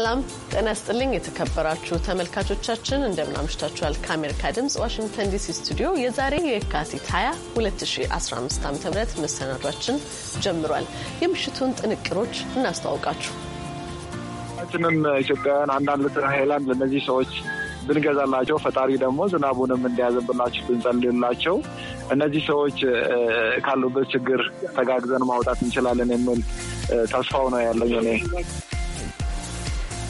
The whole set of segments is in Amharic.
ሰላም ጤና ስጥልኝ። የተከበራችሁ ተመልካቾቻችን እንደምን አምሽታችኋል? ከአሜሪካ ድምፅ ዋሽንግተን ዲሲ ስቱዲዮ የዛሬ የካቲት 20 2015 ዓ ም መሰናዷችን ጀምሯል። የምሽቱን ጥንቅሮች እናስተዋውቃችሁ። ችንም ኢትዮጵያውያን አንዳንድ ሀይላንድ ለእነዚህ ሰዎች ብንገዛላቸው ፈጣሪ ደግሞ ዝናቡንም እንዲያዘንብላቸው ብንጸልላቸው እነዚህ ሰዎች ካሉበት ችግር ተጋግዘን ማውጣት እንችላለን የሚል ተስፋው ነው ያለኝ እኔ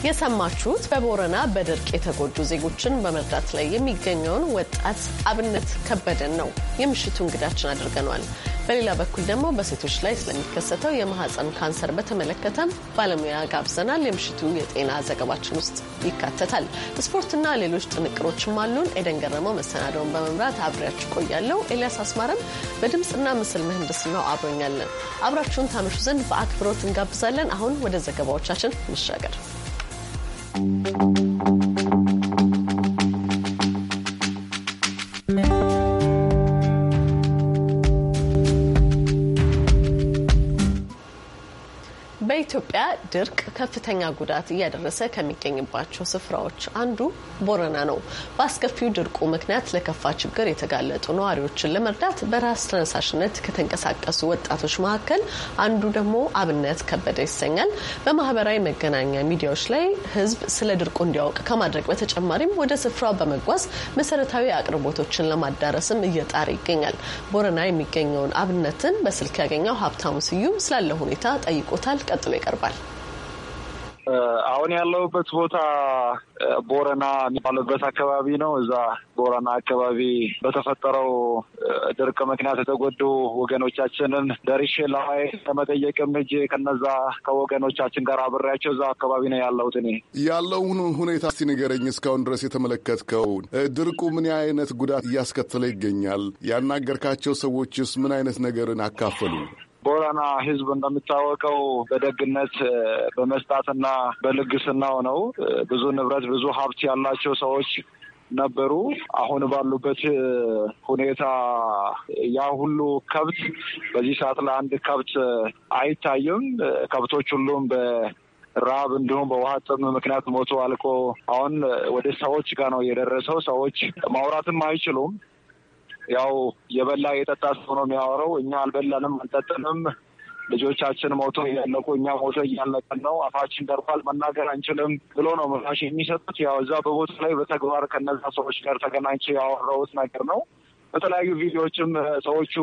የሰማችሁት በቦረና በድርቅ የተጎዱ ዜጎችን በመርዳት ላይ የሚገኘውን ወጣት አብነት ከበደን ነው የምሽቱ እንግዳችን አድርገነዋል። በሌላ በኩል ደግሞ በሴቶች ላይ ስለሚከሰተው የማህፀን ካንሰር በተመለከተም ባለሙያ ጋብዘናል። የምሽቱ የጤና ዘገባችን ውስጥ ይካተታል። ስፖርትና ሌሎች ጥንቅሮችም አሉን። ኤደን ገረመው መሰናደውን በመምራት አብሬያችሁ ቆያለሁ። ኤልያስ አስማረም በድምፅና ምስል ምህንድስናው አብሮኛለን። አብራችሁን ታመሹ ዘንድ በአክብሮት እንጋብዛለን። አሁን ወደ ዘገባዎቻችን እንሻገር። Thank you. በኢትዮጵያ ድርቅ ከፍተኛ ጉዳት እያደረሰ ከሚገኝባቸው ስፍራዎች አንዱ ቦረና ነው። በአስከፊው ድርቁ ምክንያት ለከፋ ችግር የተጋለጡ ነዋሪዎችን ለመርዳት በራስ ተነሳሽነት ከተንቀሳቀሱ ወጣቶች መካከል አንዱ ደግሞ አብነት ከበደ ይሰኛል። በማህበራዊ መገናኛ ሚዲያዎች ላይ ሕዝብ ስለ ድርቁ እንዲያውቅ ከማድረግ በተጨማሪም ወደ ስፍራው በመጓዝ መሰረታዊ አቅርቦቶችን ለማዳረስም እየጣረ ይገኛል። ቦረና የሚገኘውን አብነትን በስልክ ያገኘው ሀብታሙ ስዩም ስላለ ሁኔታ ጠይቆታል። ቀጥሎ ይቀርባል። አሁን ያለሁበት ቦታ ቦረና የሚባለበት አካባቢ ነው። እዛ ቦረና አካባቢ በተፈጠረው ድርቅ ምክንያት የተጎዱ ወገኖቻችንን ደርሼ ለሀይ ለመጠየቅም ሂጄ ከነዛ ከወገኖቻችን ጋር አብሬያቸው እዛ አካባቢ ነው ያለሁት። እኔ ያለውን ሁኔታ እስቲ ንገረኝ። እስካሁን ድረስ የተመለከትከው ድርቁ ምን አይነት ጉዳት እያስከተለ ይገኛል? ያናገርካቸው ሰዎችስ ምን አይነት ነገርን አካፈሉ? ቦረና ህዝብ እንደሚታወቀው በደግነት በመስጣትና በልግስናው ነው። ብዙ ንብረት ብዙ ሀብት ያላቸው ሰዎች ነበሩ። አሁን ባሉበት ሁኔታ ያ ሁሉ ከብት በዚህ ሰዓት ላይ አንድ ከብት አይታይም። ከብቶች ሁሉም በረሃብ እንዲሁም በውሃ ጥም ምክንያት ሞቶ አልቆ አሁን ወደ ሰዎች ጋር ነው የደረሰው። ሰዎች ማውራትም አይችሉም። ያው የበላ የጠጣ ሰው ነው የሚያወራው። እኛ አልበላንም አልጠጥንም፣ ልጆቻችን ሞቶ እያለቁ እኛ ሞቶ እያለቀን ነው፣ አፋችን ደርቋል፣ መናገር አንችልም ብሎ ነው ምላሽ የሚሰጡት። ያው እዛ በቦታ ላይ በተግባር ከነዛ ሰዎች ጋር ተገናኝቼ ያወራሁት ነገር ነው። በተለያዩ ቪዲዮዎችም ሰዎቹ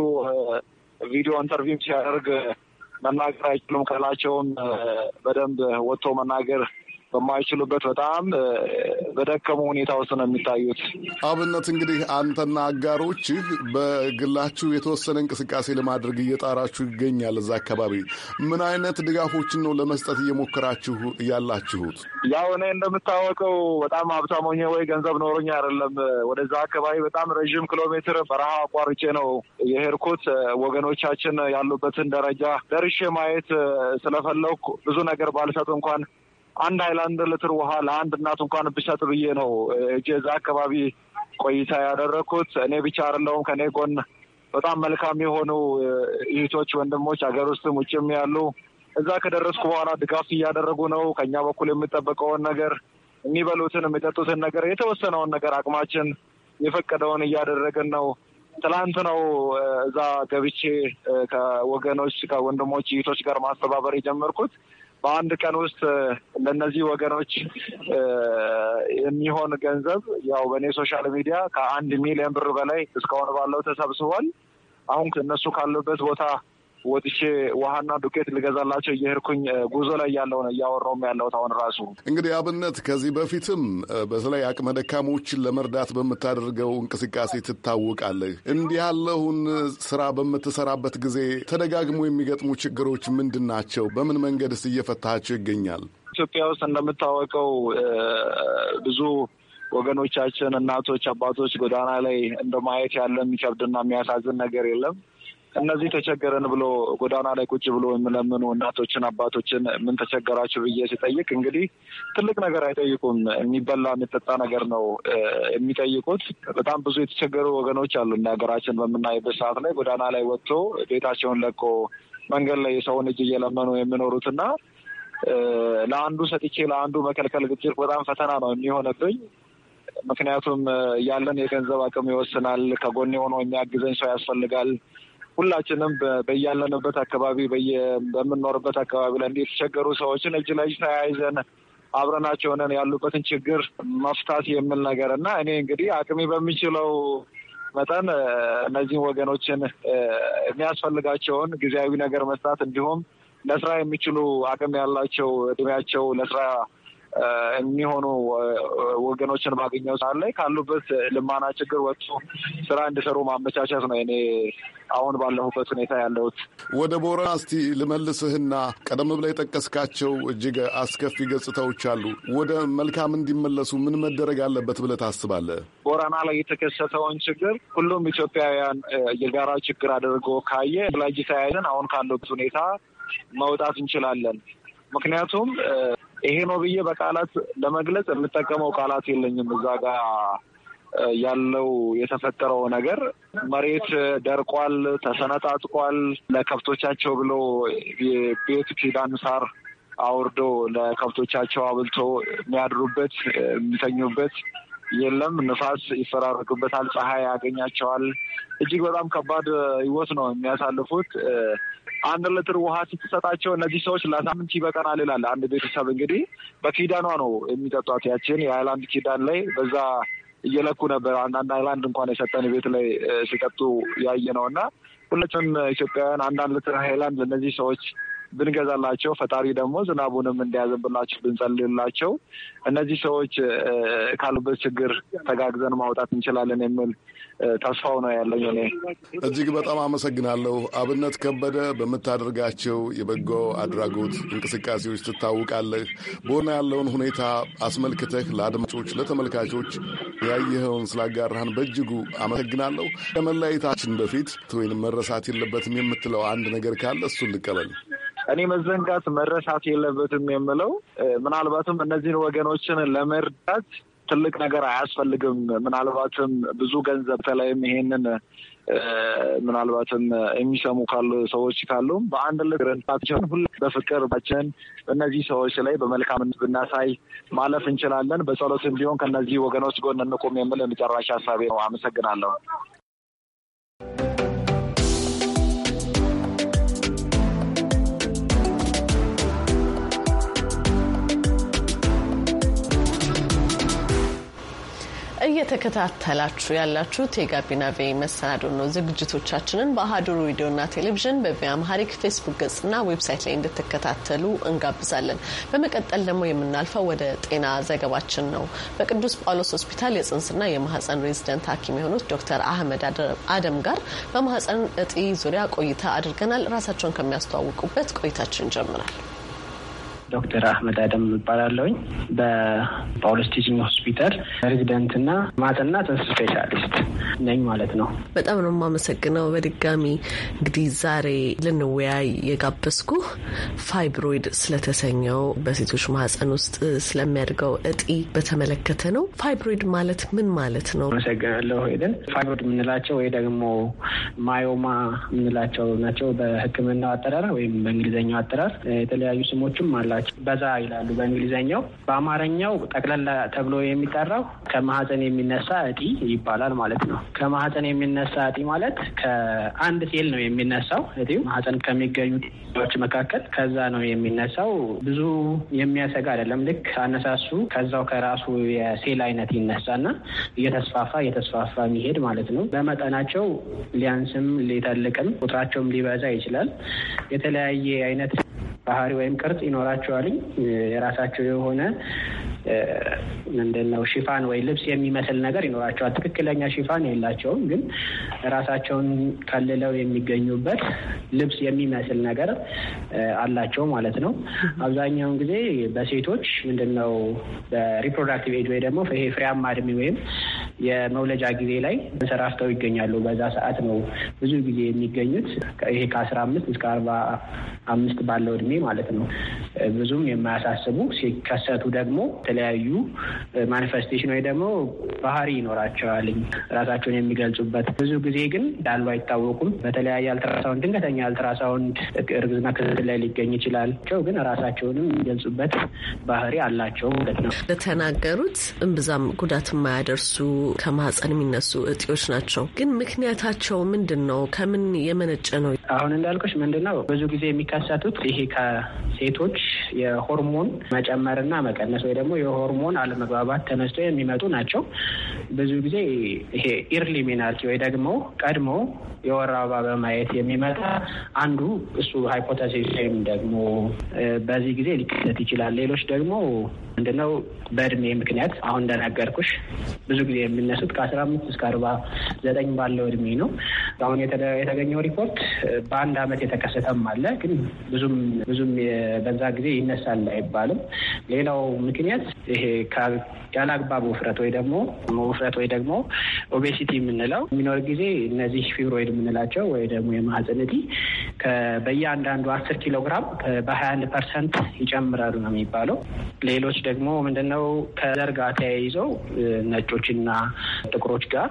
ቪዲዮ ኢንተርቪው ሲያደርግ መናገር አይችሉም፣ ቃላቸውን በደንብ ወጥቶ መናገር በማይችሉበት በጣም በደከሙ ሁኔታ ውስጥ ነው የሚታዩት። አብነት እንግዲህ አንተና አጋሮች በግላችሁ የተወሰነ እንቅስቃሴ ለማድረግ እየጣራችሁ ይገኛል። እዛ አካባቢ ምን አይነት ድጋፎችን ነው ለመስጠት እየሞከራችሁ ያላችሁት? ያው እኔ እንደምታወቀው በጣም ሀብታም ሆኜ ወይ ገንዘብ ኖሮኝ አይደለም ወደዛ አካባቢ በጣም ረዥም ኪሎ ሜትር በረሃ አቋርጬ ነው የሄድኩት። ወገኖቻችን ያሉበትን ደረጃ ደርሼ ማየት ስለፈለኩ ብዙ ነገር ባልሰጥ እንኳን አንድ ሀይላንድ ልትር ውሃ ለአንድ እናት እንኳን ብሰጥ ብዬ ነው እዛ አካባቢ ቆይታ ያደረግኩት። እኔ ብቻ አይደለሁም ከእኔ ጎን በጣም መልካም የሆኑ እህቶች፣ ወንድሞች ሀገር ውስጥም ውጭም ያሉ እዛ ከደረስኩ በኋላ ድጋፍ እያደረጉ ነው። ከኛ በኩል የሚጠበቀውን ነገር የሚበሉትን፣ የሚጠጡትን ነገር የተወሰነውን ነገር አቅማችን የፈቀደውን እያደረግን ነው። ትላንት ነው እዛ ገብቼ ከወገኖች ከወንድሞች እህቶች ጋር ማስተባበር የጀመርኩት። በአንድ ቀን ውስጥ ለእነዚህ ወገኖች የሚሆን ገንዘብ ያው በእኔ ሶሻል ሚዲያ ከአንድ ሚሊዮን ብር በላይ እስካሁን ባለው ተሰብስቧል። አሁን እነሱ ካሉበት ቦታ ወጥቼ ውሃና ዱቄት ልገዛላቸው እየሄድኩኝ ጉዞ ላይ ያለውን እያወራውም ያለሁት አሁን ራሱ እንግዲህ አብነት ከዚህ በፊትም በተለይ አቅመ ደካሞችን ለመርዳት በምታደርገው እንቅስቃሴ ትታወቃለህ። እንዲህ ያለውን ስራ በምትሰራበት ጊዜ ተደጋግሞ የሚገጥሙ ችግሮች ምንድን ናቸው? በምን መንገድስ እየፈታቸው ይገኛል? ኢትዮጵያ ውስጥ እንደምታወቀው ብዙ ወገኖቻችን፣ እናቶች፣ አባቶች ጎዳና ላይ እንደማየት ያለ የሚከብድና የሚያሳዝን ነገር የለም። እነዚህ ተቸገረን ብሎ ጎዳና ላይ ቁጭ ብሎ የሚለምኑ እናቶችን፣ አባቶችን ምን ተቸገራችሁ ብዬ ሲጠይቅ እንግዲህ ትልቅ ነገር አይጠይቁም። የሚበላ የሚጠጣ ነገር ነው የሚጠይቁት። በጣም ብዙ የተቸገሩ ወገኖች አሉ። እንደ ሀገራችን በምናይበት ሰዓት ላይ ጎዳና ላይ ወጥቶ ቤታቸውን ለቆ መንገድ ላይ የሰውን እጅ እየለመኑ የሚኖሩትና ለአንዱ ሰጥቼ ለአንዱ መከልከል ግጭት በጣም ፈተና ነው የሚሆነብኝ። ምክንያቱም ያለን የገንዘብ አቅም ይወስናል። ከጎን የሆነው የሚያግዘኝ ሰው ያስፈልጋል። ሁላችንም በያለንበት አካባቢ በምንኖርበት አካባቢ ላይ የተቸገሩ ሰዎችን እጅ ለእጅ ተያይዘን አብረናቸው ሆነን ያሉበትን ችግር መፍታት የሚል ነገር እና እኔ እንግዲህ አቅሜ በሚችለው መጠን እነዚህን ወገኖችን የሚያስፈልጋቸውን ጊዜያዊ ነገር መስጣት እንዲሁም ለስራ የሚችሉ አቅም ያላቸው እድሜያቸው ለስራ የሚሆኑ ወገኖችን ባገኘው ሰዓት ላይ ካሉበት ልማና ችግር ወጥቶ ስራ እንዲሰሩ ማመቻቸት ነው። እኔ አሁን ባለሁበት ሁኔታ ያለሁት ወደ ቦረና እስቲ ልመልስህና ቀደም ብላ የጠቀስካቸው እጅግ አስከፊ ገጽታዎች አሉ። ወደ መልካም እንዲመለሱ ምን መደረግ አለበት ብለህ ታስባለህ? ቦረና ላይ የተከሰተውን ችግር ሁሉም ኢትዮጵያውያን የጋራ ችግር አድርጎ ካየ ላይ ተያይዘን አሁን ካለበት ሁኔታ መውጣት እንችላለን። ምክንያቱም ይሄ ነው ብዬ በቃላት ለመግለጽ የምጠቀመው ቃላት የለኝም። እዛ ጋ ያለው የተፈጠረው ነገር መሬት ደርቋል፣ ተሰነጣጥቋል። ለከብቶቻቸው ብሎ ቤት ኪዳን ሳር አውርዶ ለከብቶቻቸው አብልቶ የሚያድሩበት የሚተኙበት የለም። ንፋስ ይፈራረቅበታል፣ ፀሐይ ያገኛቸዋል። እጅግ በጣም ከባድ ህይወት ነው የሚያሳልፉት። አንድ ሊትር ውሃ ስትሰጣቸው እነዚህ ሰዎች ለሳምንት ይበቀናል ይላል አንድ ቤተሰብ። እንግዲህ በኪዳኗ ነው የሚጠጧት ያችን የሀይላንድ ኪዳን ላይ በዛ እየለኩ ነበር። አንዳንድ ሀይላንድ እንኳን የሰጠን ቤት ላይ ሲጠጡ ያየ ነው እና ሁለቱም ኢትዮጵያውያን አንዳንድ ሊትር ሃይላንድ ለእነዚህ ሰዎች ብንገዛላቸው ፈጣሪ ደግሞ ዝናቡንም እንዲያዘንብላቸው ብንጸልላቸው እነዚህ ሰዎች ካሉበት ችግር ተጋግዘን ማውጣት እንችላለን የሚል ተስፋው ነው ያለኝ። እኔ እጅግ በጣም አመሰግናለሁ። አብነት ከበደ፣ በምታደርጋቸው የበጎ አድራጎት እንቅስቃሴዎች ትታወቃለህ። በሆነ ያለውን ሁኔታ አስመልክተህ ለአድማጮች ለተመልካቾች ያየኸውን ስላጋራህን በእጅጉ አመሰግናለሁ። ከመለያየታችን በፊት ወይንም መረሳት የለበትም የምትለው አንድ ነገር ካለ እሱን ልቀበል። እኔ መዘንጋት መረሳት የለበትም የምለው ምናልባትም እነዚህን ወገኖችን ለመርዳት ትልቅ ነገር አያስፈልግም። ምናልባትም ብዙ ገንዘብ በተለይም ይሄንን ምናልባትም የሚሰሙ ካሉ ሰዎች ካሉ በአንድ ልግርንታችን ሁሉ በፍቅር ባችን እነዚህ ሰዎች ላይ በመልካምነት ብናሳይ ማለፍ እንችላለን። በጸሎትም ቢሆን ከነዚህ ወገኖች ጎን እንቁም የምል የመጨረሻ ሀሳቤ ነው። አመሰግናለሁ። እየተከታተላችሁ ያላችሁት የጋቢና ቬ መሰናዶ ነው። ዝግጅቶቻችንን በአህዱ ና ቴሌቪዥን በቪያ አምሃሪክ ፌስቡክ ገጽና ዌብሳይት ላይ እንድትከታተሉ እንጋብዛለን። በመቀጠል ደግሞ የምናልፈው ወደ ጤና ዘገባችን ነው። በቅዱስ ጳውሎስ ሆስፒታል የጽንስና የማህፀን ሬዚደንት ሐኪም የሆኑት ዶክተር አህመድ አደም ጋር በማህፀን እጢ ዙሪያ ቆይታ አድርገናል። ራሳቸውን ከሚያስተዋውቁበት ቆይታችን ይጀምራል። ዶክተር አህመድ አደም ይባላለሁኝ። በፓውሎስ ቲችንግ ሆስፒታል ሬዚደንትና ማጥና ጽንስ ስፔሻሊስት ነኝ ማለት ነው። በጣም ነው የማመሰግነው። በድጋሚ እንግዲህ ዛሬ ልንወያይ የጋበዝኩ ፋይብሮይድ ስለተሰኘው በሴቶች ማህፀን ውስጥ ስለሚያድገው እጢ በተመለከተ ነው። ፋይብሮይድ ማለት ምን ማለት ነው? አመሰግናለሁ ሄደን። ፋይብሮይድ የምንላቸው ወይ ደግሞ ማዮማ የምንላቸው ናቸው በህክምናው አጠራር ወይም በእንግሊዝኛው አጠራር የተለያዩ ስሞችም አላቸው። በዛ ይላሉ በእንግሊዝኛው። በአማርኛው ጠቅላላ ተብሎ የሚጠራው ከማህፀን የሚነሳ እጢ ይባላል ማለት ነው። ነው። ከማህፀን የሚነሳ እጢ ማለት ከአንድ ሴል ነው የሚነሳው እጢው ማህፀን ከሚገኙ ዎች መካከል ከዛ ነው የሚነሳው። ብዙ የሚያሰጋ አይደለም። ልክ አነሳሱ ከዛው ከራሱ የሴል አይነት ይነሳና እየተስፋፋ እየተስፋፋ የሚሄድ ማለት ነው። በመጠናቸው ሊያንስም ሊተልቅም ቁጥራቸውም ሊበዛ ይችላል። የተለያየ አይነት ባህሪ ወይም ቅርጽ ይኖራቸዋልኝ የራሳቸው የሆነ ምንድነው ሽፋን ወይ ልብስ የሚመስል ነገር ይኖራቸዋል። ትክክለኛ ሽፋን የላቸውም፣ ግን ራሳቸውን ከልለው የሚገኙበት ልብስ የሚመስል ነገር አላቸው ማለት ነው። አብዛኛውን ጊዜ በሴቶች ምንድነው በሪፕሮዳክቲቭ ኤጅ ወይ ደግሞ ይሄ ፍሬያማ እድሜ ወይም የመውለጃ ጊዜ ላይ ተንሰራፍተው ይገኛሉ። በዛ ሰዓት ነው ብዙ ጊዜ የሚገኙት ይሄ ከአስራ አምስት እስከ አርባ አምስት ባለው እድሜ ማለት ነው። ብዙም የማያሳስቡ ሲከሰቱ ደግሞ የተለያዩ ማኒፌስቴሽን ወይ ደግሞ ባህሪ ይኖራቸዋል ራሳቸውን የሚገልጹበት። ብዙ ጊዜ ግን እንዳሉ አይታወቁም። በተለያየ አልትራሳውንድ፣ ድንገተኛ አልትራሳውንድ እርግዝና ክትትል ላይ ሊገኝ ይችላል። ግን ራሳቸውንም የሚገልጹበት ባህሪ አላቸው ማለት ነው። ለተናገሩት እምብዛም ጉዳት የማያደርሱ ከማህፀን የሚነሱ እጢዎች ናቸው። ግን ምክንያታቸው ምንድን ነው? ከምን የመነጨ ነው? አሁን እንዳልኩሽ ምንድን ነው ብዙ ጊዜ የሚከሰቱት ይሄ ከሴቶች የሆርሞን መጨመርና መቀነስ ወይ ደግሞ የሆርሞን አለመግባባት ተነስቶ የሚመጡ ናቸው። ብዙ ጊዜ ይሄ ኢርሊ ሚናልቲ ወይ ደግሞ ቀድሞ የወር አበባ በማየት የሚመጣ አንዱ እሱ ሃይፖተሲስ ወይም ደግሞ በዚህ ጊዜ ሊከሰት ይችላል። ሌሎች ደግሞ ምንድነው በእድሜ ምክንያት አሁን እንደነገርኩሽ ብዙ ጊዜ የሚነሱት ከአስራ አምስት እስከ አርባ ዘጠኝ ባለው እድሜ ነው። አሁን የተገኘው ሪፖርት በአንድ አመት የተከሰተም አለ፣ ግን ብዙም ብዙም በዛ ጊዜ ይነሳል አይባልም። ሌላው ምክንያት ይሄ ያለ አግባብ ውፍረት ወይ ደግሞ ውፍረት ወይ ደግሞ ኦቤሲቲ የምንለው የሚኖር ጊዜ እነዚህ ፊብሮይድ የምንላቸው ወይ ደግሞ የማህፀን እጢ በእያንዳንዱ አስር ኪሎ ግራም በሀያ አንድ ፐርሰንት ይጨምራሉ ነው የሚባለው። ሌሎች ደግሞ ምንድነው ከዘር ጋር ተያይዘው ነጮችና ጥቁሮች ጋር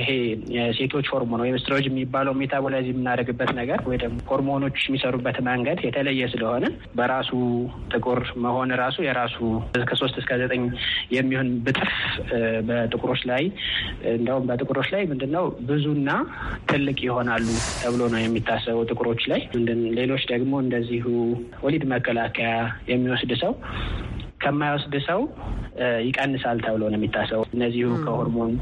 ይሄ የሴቶች ሆርሞን ወይም ስትሮጅ የሚባለው ሜታቦላይዝ የምናደርግበት ነገር ወይ ደግሞ ሆርሞኖች የሚሰሩበት መንገድ የተለየ ስለሆነ በራሱ ጥቁር መሆን ራሱ የራሱ ከሶስት እስከ ዘጠኝ የሚሆን ብጥፍ በጥቁሮች ላይ እንዲሁም በጥቁሮች ላይ ምንድነው ብዙና ትልቅ ይሆናሉ ተብሎ ነው የሚታሰበው ጥቁሮች ላይ። ሌሎች ደግሞ እንደዚሁ ወሊድ መከላከያ የሚወስድ ሰው ከማይወስድ ሰው ይቀንሳል ተብሎ ነው የሚታሰው። እነዚሁ ከሆርሞን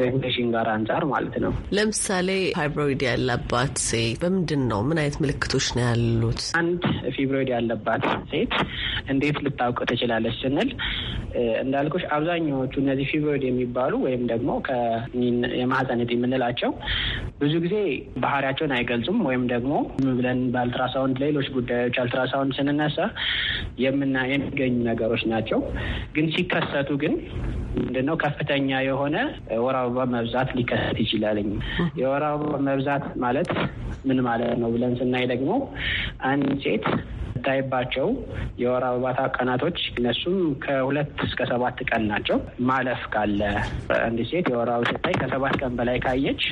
ሬጉሌሽን ጋር አንጻር ማለት ነው። ለምሳሌ ፋይብሮይድ ያለባት ሴት በምንድን ነው ምን አይነት ምልክቶች ነው ያሉት? አንድ ፊብሮይድ ያለባት ሴት እንዴት ልታውቅ ትችላለች ስንል እንዳልኩሽ አብዛኛዎቹ እነዚህ ፊብሮይድ የሚባሉ ወይም ደግሞ የማህፀን እጢ የምንላቸው ብዙ ጊዜ ባህሪያቸውን አይገልጹም። ወይም ደግሞ ብለን በአልትራሳውንድ ሌሎች ጉዳዮች አልትራሳውንድ ስንነሳ የምና የሚገኙ ነገሮች ናቸው። ግን ሲከሰቱ ግን ምንድነው ከፍተኛ የሆነ የወር አበባ መብዛት ሊከሰት ይችላልኝ። የወር አበባ መብዛት ማለት ምን ማለት ነው ብለን ስናይ ደግሞ አንድ ሴት የምታይባቸው የወር አበባ ቀናቶች እነሱም ከሁለት እስከ ሰባት ቀን ናቸው። ማለፍ ካለ አንዲት ሴት የወር አበባ ስታይ ከሰባት ቀን በላይ ካየች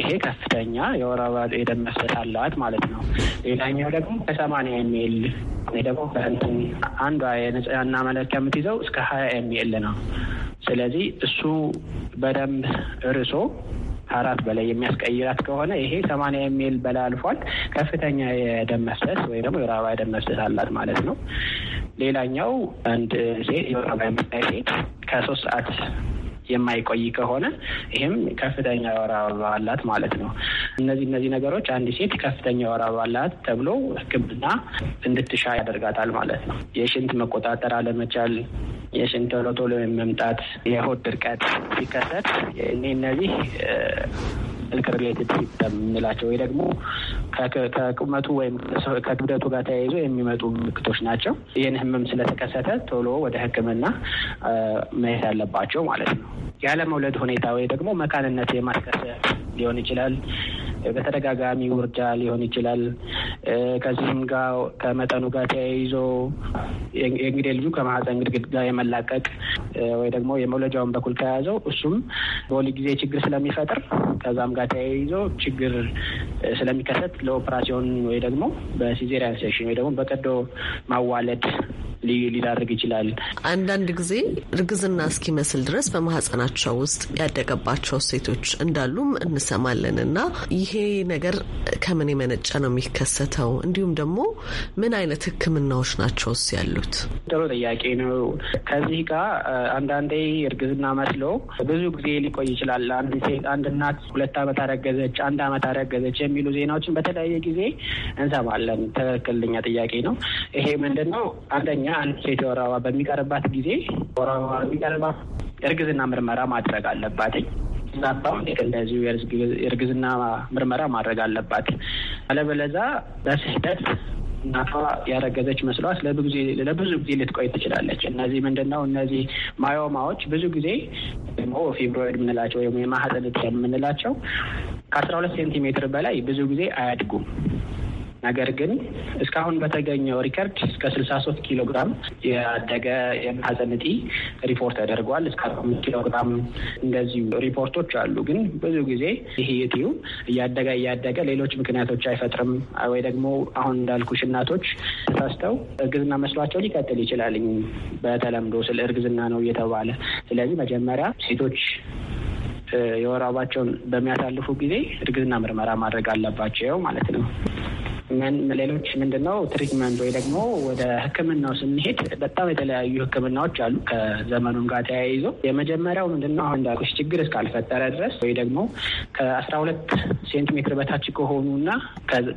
ይሄ ከፍተኛ የወር አበባ የደም መፍሰስ አለዋት ማለት ነው። ሌላኛው ደግሞ ከሰማንያ የሚል ደግሞ ከእንትን አንዷ የንጽህና መለኪያ የምትይዘው እስከ ሀያ የሚል ነው። ስለዚህ እሱ በደንብ እርሶ አራት በላይ የሚያስቀይራት ከሆነ ይሄ ሰማንያ የሚል በላይ አልፏል። ከፍተኛ የደም መፍሰስ ወይም ደግሞ የወር አበባ የደም መፍሰስ አላት ማለት ነው። ሌላኛው አንድ ሴት የወር አበባ የምታይ ሴት ከሶስት ሰዓት የማይቆይ ከሆነ ይህም ከፍተኛ የወር አበባ አላት ማለት ነው። እነዚህ እነዚህ ነገሮች አንድ ሴት ከፍተኛ የወር አበባ አላት ተብሎ ሕክምና እንድትሻ ያደርጋታል ማለት ነው። የሽንት መቆጣጠር አለመቻል፣ የሽንት ቶሎ ቶሎ መምጣት፣ የሆድ ድርቀት ሲከሰት እኔ እነዚህ ኢንተርናል ሪሌትድ የምንላቸው ወይ ደግሞ ከቁመቱ ወይም ከክብደቱ ጋር ተያይዞ የሚመጡ ምልክቶች ናቸው። ይህን ህመም ስለተከሰተ ቶሎ ወደ ሕክምና መሄድ አለባቸው ማለት ነው። ያለመውለድ ሁኔታ ወይ ደግሞ መካንነት የማስከሰት ሊሆን ይችላል። በተደጋጋሚ ውርጃ ሊሆን ይችላል። ከዚህም ጋር ከመጠኑ ጋር ተያይዞ እንግዲህ ልጁ ከማህፀን ግድግድ ጋር የመላቀቅ ወይ ደግሞ የመውለጃውን በኩል ከያዘው እሱም በወሊድ ጊዜ ችግር ስለሚፈጥር ከዛም ጋር ተያይዞ ችግር ስለሚከሰት ለኦፕራሲዮን ወይ ደግሞ በሲዜሪያን ሴክሽን ወይ ደግሞ በቀዶ ማዋለድ ሊዳርግ ይችላል። አንዳንድ ጊዜ እርግዝና እስኪመስል ድረስ በማህፀናቸው ውስጥ ያደገባቸው ሴቶች እንዳሉም እንሰማለን እና ይሄ ነገር ከምን የመነጨ ነው የሚከሰተው? እንዲሁም ደግሞ ምን አይነት ህክምናዎች ናቸውስ ያሉት? ጥሩ ጥያቄ ነው። ከዚህ ጋር አንዳንዴ እርግዝና መስሎ ብዙ ጊዜ ሊቆይ ይችላል። አንድ ሴት አንድ እናት ሁለት አመት አረገዘች፣ አንድ አመት አረገዘች የሚሉ ዜናዎችን በተለያየ ጊዜ እንሰማለን። ትክክለኛ ጥያቄ ነው። ይሄ ምንድን ነው? አንደኛ አንድ ሴት የወር አበባ በሚቀርባት ጊዜ ወር አበባ በሚቀርባት እርግዝና ምርመራ ማድረግ አለባትኝ። ዛባውን እንደዚሁ የእርግዝና ምርመራ ማድረግ አለባት። አለበለዛ በስህተት እናቷ ያረገዘች መስሏት ለብዙ ጊዜ ልትቆይ ትችላለች። እነዚህ ምንድን ነው? እነዚህ ማዮማዎች ብዙ ጊዜ ደግሞ ፊብሮይድ የምንላቸው ወይም የማህፀን የምንላቸው ከአስራ ሁለት ሴንቲሜትር በላይ ብዙ ጊዜ አያድጉም። ነገር ግን እስካሁን በተገኘው ሪከርድ እስከ ስልሳ ሶስት ኪሎ ግራም ያደገ የማህፀን እጢ ሪፖርት ተደርጓል። እስከ አርባ አምስት ኪሎ ግራም እንደዚሁ ሪፖርቶች አሉ። ግን ብዙ ጊዜ ይህ እጢው እያደገ እያደገ ሌሎች ምክንያቶች አይፈጥርም ወይ ደግሞ አሁን እንዳልኩሽ እናቶች ተሳስተው እርግዝና መስሏቸው ሊቀጥል ይችላል። በተለምዶ ስለ እርግዝና ነው እየተባለ ስለዚህ መጀመሪያ ሴቶች የወር አበባቸውን በሚያሳልፉ ጊዜ እርግዝና ምርመራ ማድረግ አለባቸው ማለት ነው። ሌሎች ምንድነው ትሪትመንት ወይ ደግሞ ወደ ህክምናው ስንሄድ በጣም የተለያዩ ህክምናዎች አሉ ከዘመኑም ጋር ተያይዞ የመጀመሪያው ምንድነው አሁን እንዳልኩሽ ችግር እስካልፈጠረ ድረስ ወይ ደግሞ ከአስራ ሁለት ሴንቲሜትር በታች ከሆኑና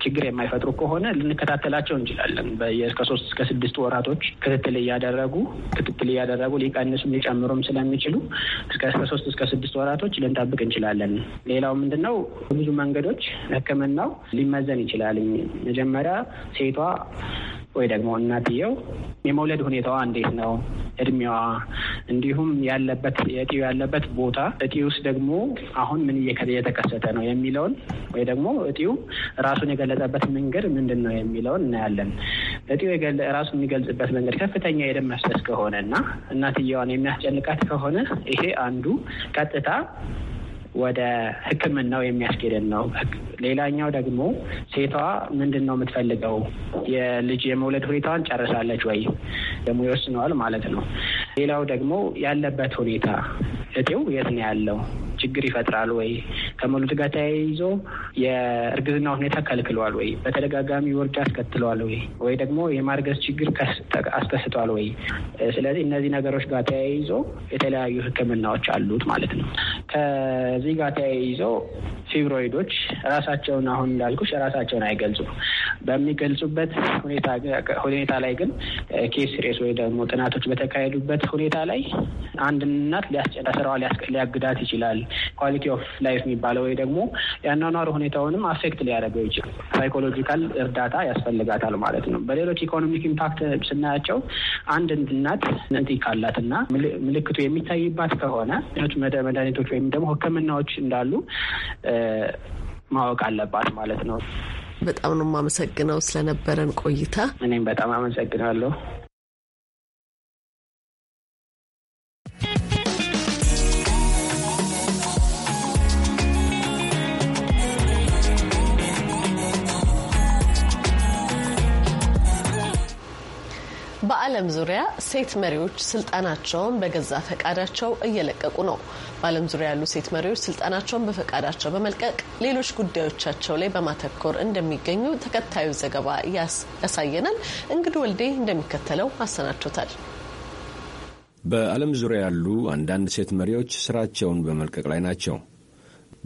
ችግር የማይፈጥሩ ከሆነ ልንከታተላቸው እንችላለን እስከ ሶስት እስከ ስድስት ወራቶች ክትትል እያደረጉ ክትትል እያደረጉ ሊቀንሱም ሊጨምሩም ስለሚችሉ እስከ ሶስት እስከ ስድስት ወራቶች ልንጠብቅ እንችላለን። ሌላው ምንድነው ብዙ መንገዶች ህክምናው ሊመዘን ይችላል መጀመሪያ ሴቷ ወይ ደግሞ እናትየው የመውለድ ሁኔታዋ እንዴት ነው፣ እድሜዋ፣ እንዲሁም ያለበት የእጢው ያለበት ቦታ እጢ ውስጥ ደግሞ አሁን ምን እየተከሰተ ነው የሚለውን ወይ ደግሞ እጢው ራሱን የገለጸበት መንገድ ምንድን ነው የሚለውን እናያለን። እጢው ራሱን የሚገልጽበት መንገድ ከፍተኛ የደም መፍሰስ ከሆነ እና እናትየዋን የሚያስጨንቃት ከሆነ ይሄ አንዱ ቀጥታ ወደ ሕክምናው የሚያስኬደን ነው። ሌላኛው ደግሞ ሴቷ ምንድን ነው የምትፈልገው? የልጅ የመውለድ ሁኔታዋን ጨርሳለች ወይ ደግሞ ይወስነዋል ማለት ነው። ሌላው ደግሞ ያለበት ሁኔታ እጤው የት ነው ያለው ችግር ይፈጥራል ወይ፣ ከመውለድ ጋር ተያይዞ የእርግዝና ሁኔታ ከልክለዋል ወይ፣ በተደጋጋሚ ወርጅ አስከትለዋል ወይ፣ ወይ ደግሞ የማርገዝ ችግር አስከስቷል ወይ። ስለዚህ እነዚህ ነገሮች ጋር ተያይዞ የተለያዩ ሕክምናዎች አሉት ማለት ነው። ከዚህ ጋር ተያይዞ ፊብሮይዶች ራሳቸውን አሁን እንዳልኩሽ ራሳቸውን አይገልጹም። በሚገልጹበት ሁኔታ ላይ ግን ኬስ ሬስ ወይ ደግሞ ጥናቶች በተካሄዱበት ሁኔታ ላይ አንድ እናት ስራዋ ሊያግዳት ይችላል። ኳሊቲ ኦፍ ላይፍ የሚባለው ወይ ደግሞ የአኗኗር ሁኔታውንም አፌክት ሊያደርገው ይችላል። ሳይኮሎጂካል እርዳታ ያስፈልጋታል ማለት ነው። በሌሎች ኢኮኖሚክ ኢምፓክት ስናያቸው አንድ እናት ካላት ካላትና ምልክቱ የሚታይባት ከሆነ መድኃኒቶች ወይም ደግሞ ሕክምናዎች እንዳሉ ማወቅ አለባት ማለት ነው። በጣም ነው የማመሰግነው ስለነበረን ቆይታ። እኔም በጣም አመሰግናለሁ። በዓለም ዙሪያ ሴት መሪዎች ስልጣናቸውን በገዛ ፈቃዳቸው እየለቀቁ ነው። በዓለም ዙሪያ ያሉ ሴት መሪዎች ስልጣናቸውን በፈቃዳቸው በመልቀቅ ሌሎች ጉዳዮቻቸው ላይ በማተኮር እንደሚገኙ ተከታዩ ዘገባ ያሳየናል። እንግዲ ወልዴ እንደሚከተለው አሰናድቶታል። በዓለም ዙሪያ ያሉ አንዳንድ ሴት መሪዎች ስራቸውን በመልቀቅ ላይ ናቸው።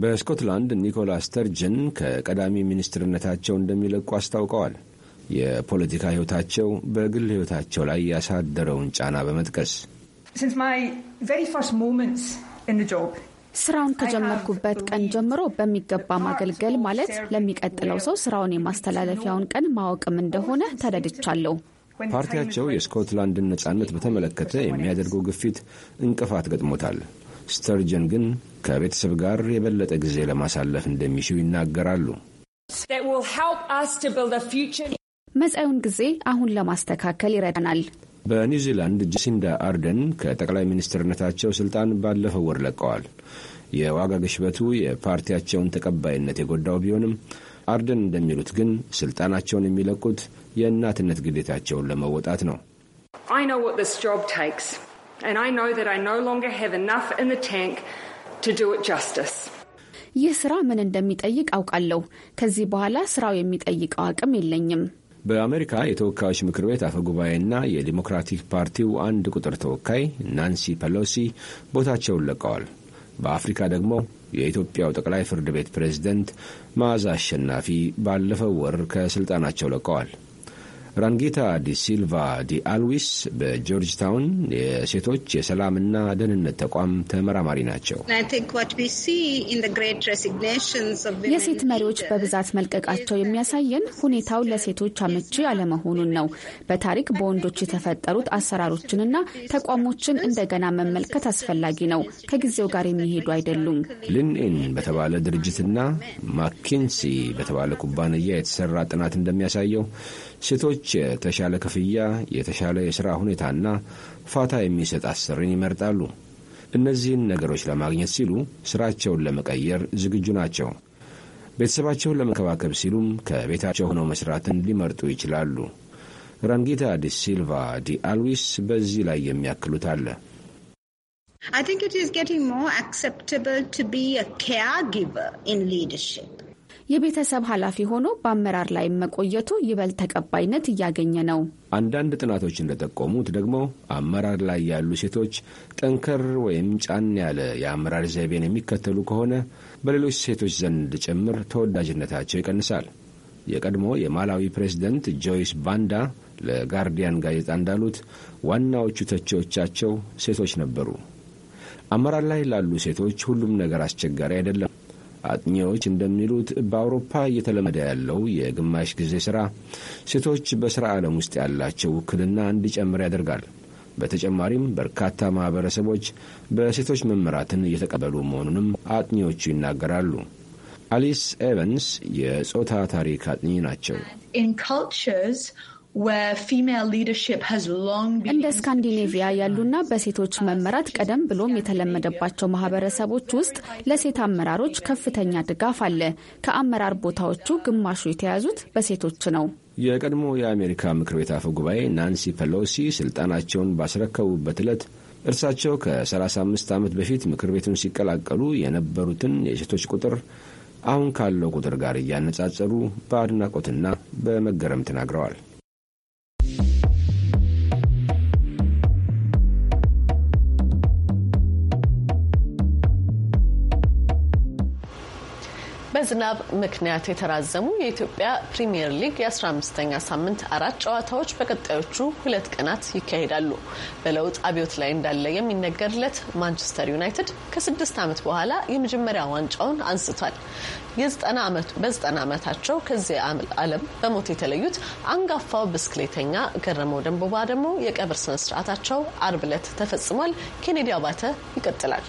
በስኮትላንድ ኒኮላ ስተርጅን ከቀዳሚ ሚኒስትርነታቸው እንደሚለቁ አስታውቀዋል። የፖለቲካ ህይወታቸው በግል ህይወታቸው ላይ ያሳደረውን ጫና በመጥቀስ ስራውን ከጀመርኩበት ቀን ጀምሮ በሚገባ ማገልገል ማለት ለሚቀጥለው ሰው ስራውን የማስተላለፊያውን ቀን ማወቅም እንደሆነ ተረድቻለሁ። ፓርቲያቸው የስኮትላንድን ነጻነት በተመለከተ የሚያደርገው ግፊት እንቅፋት ገጥሞታል። ስተርጀን ግን ከቤተሰብ ጋር የበለጠ ጊዜ ለማሳለፍ እንደሚሽው ይናገራሉ። መጻዩን ጊዜ አሁን ለማስተካከል ይረዳናል። በኒውዚላንድ ጃሲንዳ አርደን ከጠቅላይ ሚኒስትርነታቸው ስልጣን ባለፈው ወር ለቀዋል። የዋጋ ግሽበቱ የፓርቲያቸውን ተቀባይነት የጎዳው ቢሆንም አርደን እንደሚሉት ግን ስልጣናቸውን የሚለቁት የእናትነት ግዴታቸውን ለመወጣት ነው። ይህ ስራ ምን እንደሚጠይቅ አውቃለሁ። ከዚህ በኋላ ስራው የሚጠይቀው አቅም የለኝም በአሜሪካ የተወካዮች ምክር ቤት አፈ ጉባኤና የዲሞክራቲክ ፓርቲው አንድ ቁጥር ተወካይ ናንሲ ፐሎሲ ቦታቸውን ለቀዋል። በአፍሪካ ደግሞ የኢትዮጵያው ጠቅላይ ፍርድ ቤት ፕሬዝደንት መዓዛ አሸናፊ ባለፈው ወር ከስልጣናቸው ለቀዋል። ራንጊታ ዲሲልቫ ዲአልዊስ በጆርጅታውን የሴቶች የሰላምና ደህንነት ተቋም ተመራማሪ ናቸው። የሴት መሪዎች በብዛት መልቀቃቸው የሚያሳየን ሁኔታው ለሴቶች አመቺ አለመሆኑን ነው። በታሪክ በወንዶች የተፈጠሩት አሰራሮችንና ተቋሞችን እንደገና መመልከት አስፈላጊ ነው። ከጊዜው ጋር የሚሄዱ አይደሉም። ሊንኢን በተባለ ድርጅትና ማኪንሲ በተባለ ኩባንያ የተሰራ ጥናት እንደሚያሳየው ሴቶች የተሻለ ክፍያ፣ የተሻለ የሥራ ሁኔታና ፋታ የሚሰጥ አሰሪን ይመርጣሉ። እነዚህን ነገሮች ለማግኘት ሲሉ ሥራቸውን ለመቀየር ዝግጁ ናቸው። ቤተሰባቸውን ለመንከባከብ ሲሉም ከቤታቸው ሆነው መሥራትን ሊመርጡ ይችላሉ። ራንጊታ ዲ ሲልቫ ዲ አልዊስ በዚህ ላይ የሚያክሉት አለ። I think it is getting more acceptable to be a caregiver in leadership. የቤተሰብ ኃላፊ ሆኖ በአመራር ላይ መቆየቱ ይበልጥ ተቀባይነት እያገኘ ነው። አንዳንድ ጥናቶች እንደጠቆሙት ደግሞ አመራር ላይ ያሉ ሴቶች ጠንከር ወይም ጫን ያለ የአመራር ዘይቤን የሚከተሉ ከሆነ በሌሎች ሴቶች ዘንድ ጭምር ተወዳጅነታቸው ይቀንሳል። የቀድሞ የማላዊ ፕሬዝደንት ጆይስ ባንዳ ለጋርዲያን ጋዜጣ እንዳሉት ዋናዎቹ ተቺዎቻቸው ሴቶች ነበሩ። አመራር ላይ ላሉ ሴቶች ሁሉም ነገር አስቸጋሪ አይደለም። አጥኚዎች እንደሚሉት በአውሮፓ እየተለመደ ያለው የግማሽ ጊዜ ስራ ሴቶች በሥራ ዓለም ውስጥ ያላቸው ውክልና እንዲጨምር ያደርጋል። በተጨማሪም በርካታ ማኅበረሰቦች በሴቶች መመራትን እየተቀበሉ መሆኑንም አጥኚዎቹ ይናገራሉ። አሊስ ኤቨንስ የጾታ ታሪክ አጥኚ ናቸው። እንደ ስካንዲኔቪያ ያሉና በሴቶች መመራት ቀደም ብሎም የተለመደባቸው ማህበረሰቦች ውስጥ ለሴት አመራሮች ከፍተኛ ድጋፍ አለ። ከአመራር ቦታዎቹ ግማሹ የተያዙት በሴቶች ነው። የቀድሞ የአሜሪካ ምክር ቤት አፈ ጉባኤ ናንሲ ፔሎሲ ስልጣናቸውን ባስረከቡበት ዕለት እርሳቸው ከ35 ዓመት በፊት ምክር ቤቱን ሲቀላቀሉ የነበሩትን የሴቶች ቁጥር አሁን ካለው ቁጥር ጋር እያነጻጸሩ በአድናቆትና በመገረም ተናግረዋል። በዝናብ ምክንያት የተራዘሙ የኢትዮጵያ ፕሪምየር ሊግ የ15ኛ ሳምንት አራት ጨዋታዎች በቀጣዮቹ ሁለት ቀናት ይካሄዳሉ። በለውጥ አብዮት ላይ እንዳለ የሚነገርለት ማንቸስተር ዩናይትድ ከስድስት ዓመት በኋላ የመጀመሪያ ዋንጫውን አንስቷል። በዘጠና ዓመታቸው ከዚህ ዓለም በሞት የተለዩት አንጋፋው ብስክሌተኛ ገረመው ደንቦባ ደግሞ የቀብር ስነስርዓታቸው አርብ ዕለት ተፈጽሟል። ኬኔዲ አባተ ይቀጥላል።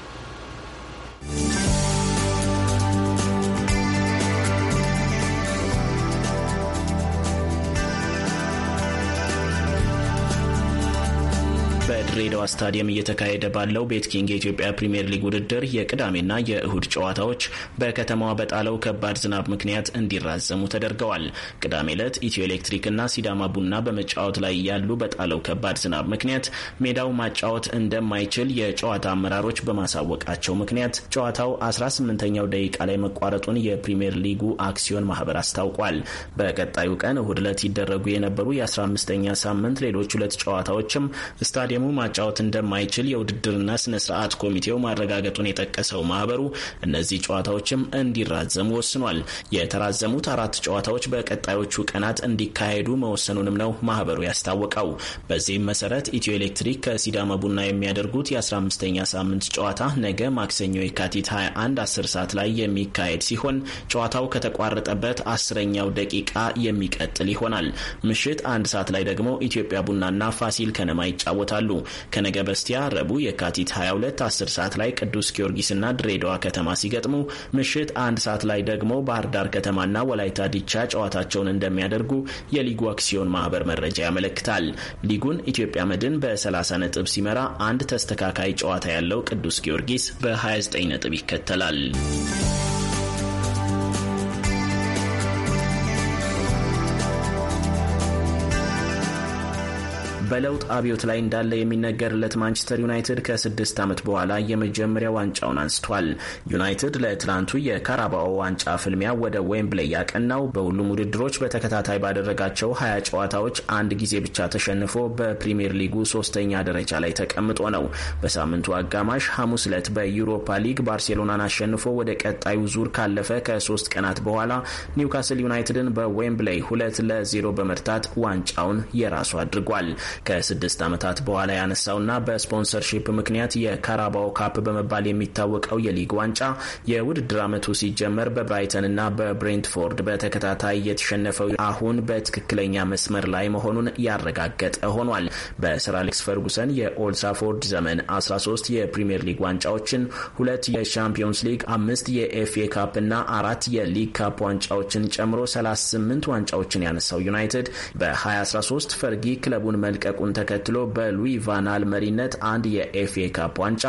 በድሬዳዋ ስታዲየም እየተካሄደ ባለው ቤትኪንግ የኢትዮጵያ ፕሪምየር ሊግ ውድድር የቅዳሜና የእሁድ ጨዋታዎች በከተማዋ በጣለው ከባድ ዝናብ ምክንያት እንዲራዘሙ ተደርገዋል። ቅዳሜ ዕለት ኢትዮ ኤሌክትሪክና ሲዳማ ቡና በመጫወት ላይ ያሉ በጣለው ከባድ ዝናብ ምክንያት ሜዳው ማጫወት እንደማይችል የጨዋታ አመራሮች በማሳወቃቸው ምክንያት ጨዋታው 18ኛው ደቂቃ ላይ መቋረጡን የፕሪምየር ሊጉ አክሲዮን ማህበር አስታውቋል። በቀጣዩ ቀን እሁድ ዕለት ይደረጉ የነበሩ የ15ኛ ሳምንት ሌሎች ሁለት ጨዋታዎችም ስታዲየሙ ማጫወት እንደማይችል የውድድርና ስነ ስርዓት ኮሚቴው ማረጋገጡን የጠቀሰው ማህበሩ እነዚህ ጨዋታዎችም እንዲራዘሙ ወስኗል። የተራዘሙት አራት ጨዋታዎች በቀጣዮቹ ቀናት እንዲካሄዱ መወሰኑንም ነው ማህበሩ ያስታወቀው። በዚህም መሰረት ኢትዮ ኤሌክትሪክ ከሲዳማ ቡና የሚያደርጉት የ15ኛ ሳምንት ጨዋታ ነገ ማክሰኞ የካቲት 21 10 ሰዓት ላይ የሚካሄድ ሲሆን ጨዋታው ከተቋረጠበት አስረኛው ደቂቃ የሚቀጥል ይሆናል። ምሽት አንድ ሰዓት ላይ ደግሞ ኢትዮጵያ ቡናና ፋሲል ከነማ ይጫወታሉ። ከነገ በስቲያ ረቡዕ የካቲት 22 10 ሰዓት ላይ ቅዱስ ጊዮርጊስና ድሬዳዋ ከተማ ሲገጥሙ ምሽት አንድ ሰዓት ላይ ደግሞ ባህር ዳር ከተማና ወላይታ ዲቻ ጨዋታቸውን እንደሚያደርጉ የሊጉ አክሲዮን ማህበር መረጃ ያመለክታል። ሊጉን ኢትዮጵያ መድን በ30 ነጥብ ሲመራ፣ አንድ ተስተካካይ ጨዋታ ያለው ቅዱስ ጊዮርጊስ በ29 ነጥብ ይከተላል። በለውጥ አብዮት ላይ እንዳለ የሚነገርለት ማንቸስተር ዩናይትድ ከስድስት ዓመት በኋላ የመጀመሪያ ዋንጫውን አንስቷል። ዩናይትድ ለትላንቱ የካራባኦ ዋንጫ ፍልሚያ ወደ ዌምብሌይ ያቀናው በሁሉም ውድድሮች በተከታታይ ባደረጋቸው ሀያ ጨዋታዎች አንድ ጊዜ ብቻ ተሸንፎ በፕሪምየር ሊጉ ሶስተኛ ደረጃ ላይ ተቀምጦ ነው። በሳምንቱ አጋማሽ ሐሙስ ዕለት በዩሮፓ ሊግ ባርሴሎናን አሸንፎ ወደ ቀጣዩ ዙር ካለፈ ከሶስት ቀናት በኋላ ኒውካስል ዩናይትድን በዌምብሌይ ሁለት ለዜሮ በመርታት ዋንጫውን የራሱ አድርጓል። ከስድስት ዓመታት በኋላ ያነሳውና በስፖንሰርሺፕ ምክንያት የካራባኦ ካፕ በመባል የሚታወቀው የሊግ ዋንጫ የውድድር ዓመቱ ሲጀመር በብራይተንና በብሬንትፎርድ በተከታታይ የተሸነፈው አሁን በትክክለኛ መስመር ላይ መሆኑን ያረጋገጠ ሆኗል። በሰር አሌክስ ፈርጉሰን የኦልድ ዘመን 13 የፕሪምየር ሊግ ዋንጫዎችን፣ ሁለት የሻምፒዮንስ ሊግ፣ አምስት የኤፍኤ ካፕ እና አራት የሊግ ካፕ ዋንጫዎችን ጨምሮ 38 ዋንጫዎችን ያነሳው ዩናይትድ በ2013 ፈርጊ ክለቡን መልቀ መለቀቁን ተከትሎ በሉዊ ቫናል መሪነት አንድ የኤፍኤ ካፕ ዋንጫ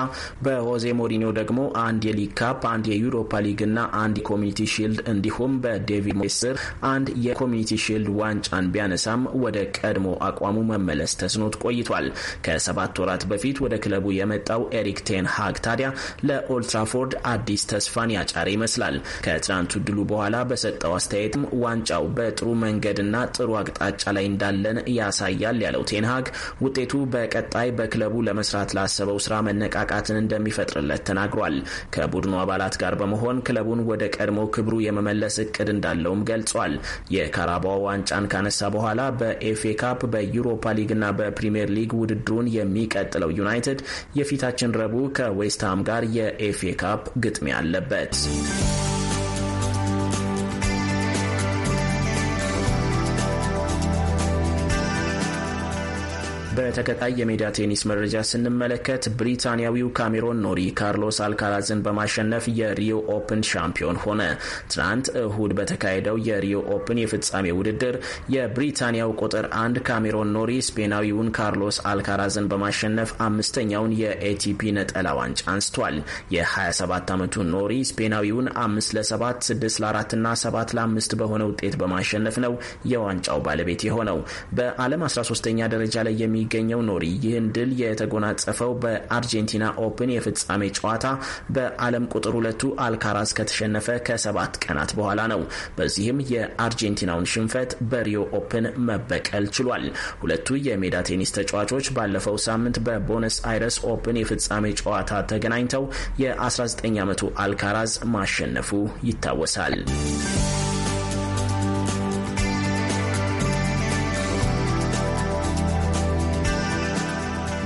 በሆዜ ሞሪኒዮ ደግሞ አንድ የሊግ ካፕ፣ አንድ የዩሮፓ ሊግ እና አንድ ኮሚኒቲ ሺልድ እንዲሁም በዴቪድ ሞይስ ስር አንድ የኮሚኒቲ ሺልድ ዋንጫን ቢያነሳም ወደ ቀድሞ አቋሙ መመለስ ተስኖት ቆይቷል። ከሰባት ወራት በፊት ወደ ክለቡ የመጣው ኤሪክ ቴን ሃግ ታዲያ ለኦልትራፎርድ አዲስ ተስፋን ያጫረ ይመስላል። ከትናንቱ ድሉ በኋላ በሰጠው አስተያየትም ዋንጫው በጥሩ መንገድና ጥሩ አቅጣጫ ላይ እንዳለን ያሳያል ያለው ቴን ቴንሃግ ውጤቱ በቀጣይ በክለቡ ለመስራት ላሰበው ስራ መነቃቃትን እንደሚፈጥርለት ተናግሯል። ከቡድኑ አባላት ጋር በመሆን ክለቡን ወደ ቀድሞ ክብሩ የመመለስ እቅድ እንዳለውም ገልጿል። የካራባዋ ዋንጫን ካነሳ በኋላ በኤፍኤ ካፕ፣ በዩሮፓ ሊግና በፕሪምየር ሊግ ውድድሩን የሚቀጥለው ዩናይትድ የፊታችን ረቡዕ ከዌስትሃም ጋር የኤፍኤ ካፕ ግጥሚያ አለበት። በተከታይ የሜዳ ቴኒስ መረጃ ስንመለከት ብሪታንያዊው ካሜሮን ኖሪ ካርሎስ አልካራዝን በማሸነፍ የሪዮ ኦፕን ሻምፒዮን ሆነ። ትናንት እሁድ በተካሄደው የሪዮ ኦፕን የፍጻሜ ውድድር የብሪታንያው ቁጥር አንድ ካሜሮን ኖሪ ስፔናዊውን ካርሎስ አልካራዝን በማሸነፍ አምስተኛውን የኤቲፒ ነጠላ ዋንጫ አንስቷል። የ27 ዓመቱ ኖሪ ስፔናዊውን 5 ለሰባት ስድስት ለአራት ና ሰባት ለአምስት በሆነ ውጤት በማሸነፍ ነው የዋንጫው ባለቤት የሆነው። በዓለም 13ኛ ደረጃ ላይ የሚ የሚገኘው ኖሪ ይህን ድል የተጎናጸፈው በአርጀንቲና ኦፕን የፍጻሜ ጨዋታ በዓለም ቁጥር ሁለቱ አልካራስ ከተሸነፈ ከሰባት ቀናት በኋላ ነው። በዚህም የአርጀንቲናውን ሽንፈት በሪዮ ኦፕን መበቀል ችሏል። ሁለቱ የሜዳ ቴኒስ ተጫዋቾች ባለፈው ሳምንት በቦነስ አይረስ ኦፕን የፍጻሜ ጨዋታ ተገናኝተው የ19 ዓመቱ አልካራዝ ማሸነፉ ይታወሳል።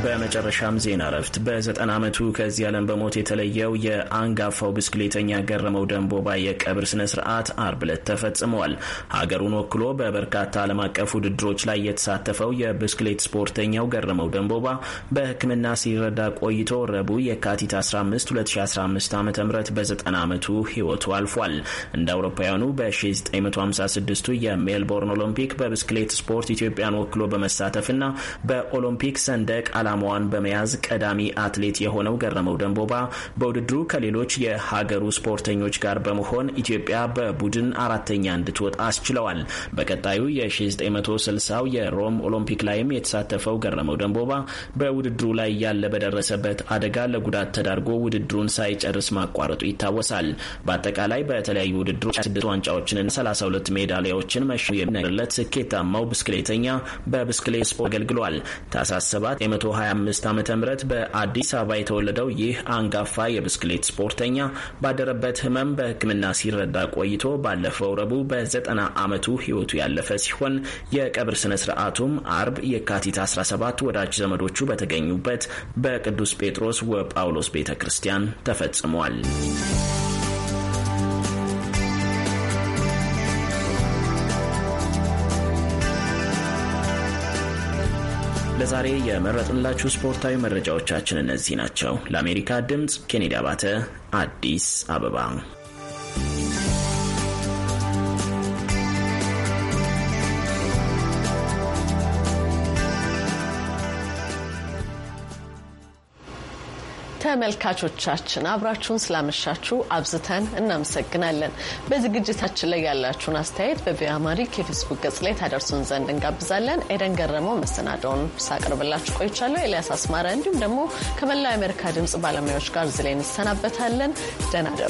በመጨረሻም ዜና እረፍት በዘጠና ዓመቱ ከዚህ ዓለም በሞት የተለየው የአንጋፋው ብስክሌተኛ ገረመው ደንቦባ የቀብር ስነ ስርዓት አርብ ዕለት ተፈጽመዋል። ሀገሩን ወክሎ በበርካታ ዓለም አቀፍ ውድድሮች ላይ የተሳተፈው የብስክሌት ስፖርተኛው ገረመው ደንቦባ በሕክምና ሲረዳ ቆይቶ ረቡዕ የካቲት 15 2015 ዓ ም በ ዓመቱ ህይወቱ አልፏል። እንደ አውሮፓውያኑ በ1956ቱ የሜልቦርን ኦሎምፒክ በብስክሌት ስፖርት ኢትዮጵያን ወክሎ በመሳተፍና በኦሎምፒክ ሰንደቅ አላ ሰላማዋን በመያዝ ቀዳሚ አትሌት የሆነው ገረመው ደንቦባ በውድድሩ ከሌሎች የሀገሩ ስፖርተኞች ጋር በመሆን ኢትዮጵያ በቡድን አራተኛ እንድትወጣ አስችለዋል። በቀጣዩ የ1960 የሮም ኦሎምፒክ ላይም የተሳተፈው ገረመው ደንቦባ በውድድሩ ላይ ያለ በደረሰበት አደጋ ለጉዳት ተዳርጎ ውድድሩን ሳይጨርስ ማቋረጡ ይታወሳል። በአጠቃላይ በተለያዩ ውድድሮች ስድስት ዋንጫዎችንና 32 ሜዳሊያዎችን መሸ የሚነገርለት ስኬታማው ብስክሌተኛ በብስክሌት ስፖርት አገልግሏል። ታህሳስ 7 2025 ዓ ም በአዲስ አበባ የተወለደው ይህ አንጋፋ የብስክሌት ስፖርተኛ ባደረበት ህመም በሕክምና ሲረዳ ቆይቶ ባለፈው ረቡዕ በዘጠና ዓመቱ ህይወቱ ያለፈ ሲሆን የቀብር ስነ ስርዓቱም አርብ የካቲት 17 ወዳጅ ዘመዶቹ በተገኙበት በቅዱስ ጴጥሮስ ወጳውሎስ ቤተ ክርስቲያን ተፈጽሟል። ለዛሬ የመረጥንላችሁ ስፖርታዊ መረጃዎቻችን እነዚህ ናቸው። ለአሜሪካ ድምፅ ኬኔዲ አባተ አዲስ አበባ ተመልካቾቻችን አብራችሁን ስላመሻችሁ አብዝተን እናመሰግናለን። በዝግጅታችን ላይ ያላችሁን አስተያየት በቪኦኤ አማርኛ የፌስቡክ ገጽ ላይ ታደርሱን ዘንድ እንጋብዛለን። ኤደን ገረመው መሰናዳውን ሳቀርብላችሁ ቆይቻለሁ። ኤልያስ አስማረ እንዲሁም ደግሞ ከመላው የአሜሪካ ድምጽ ባለሙያዎች ጋር ዝላይ እንሰናበታለን። ደህና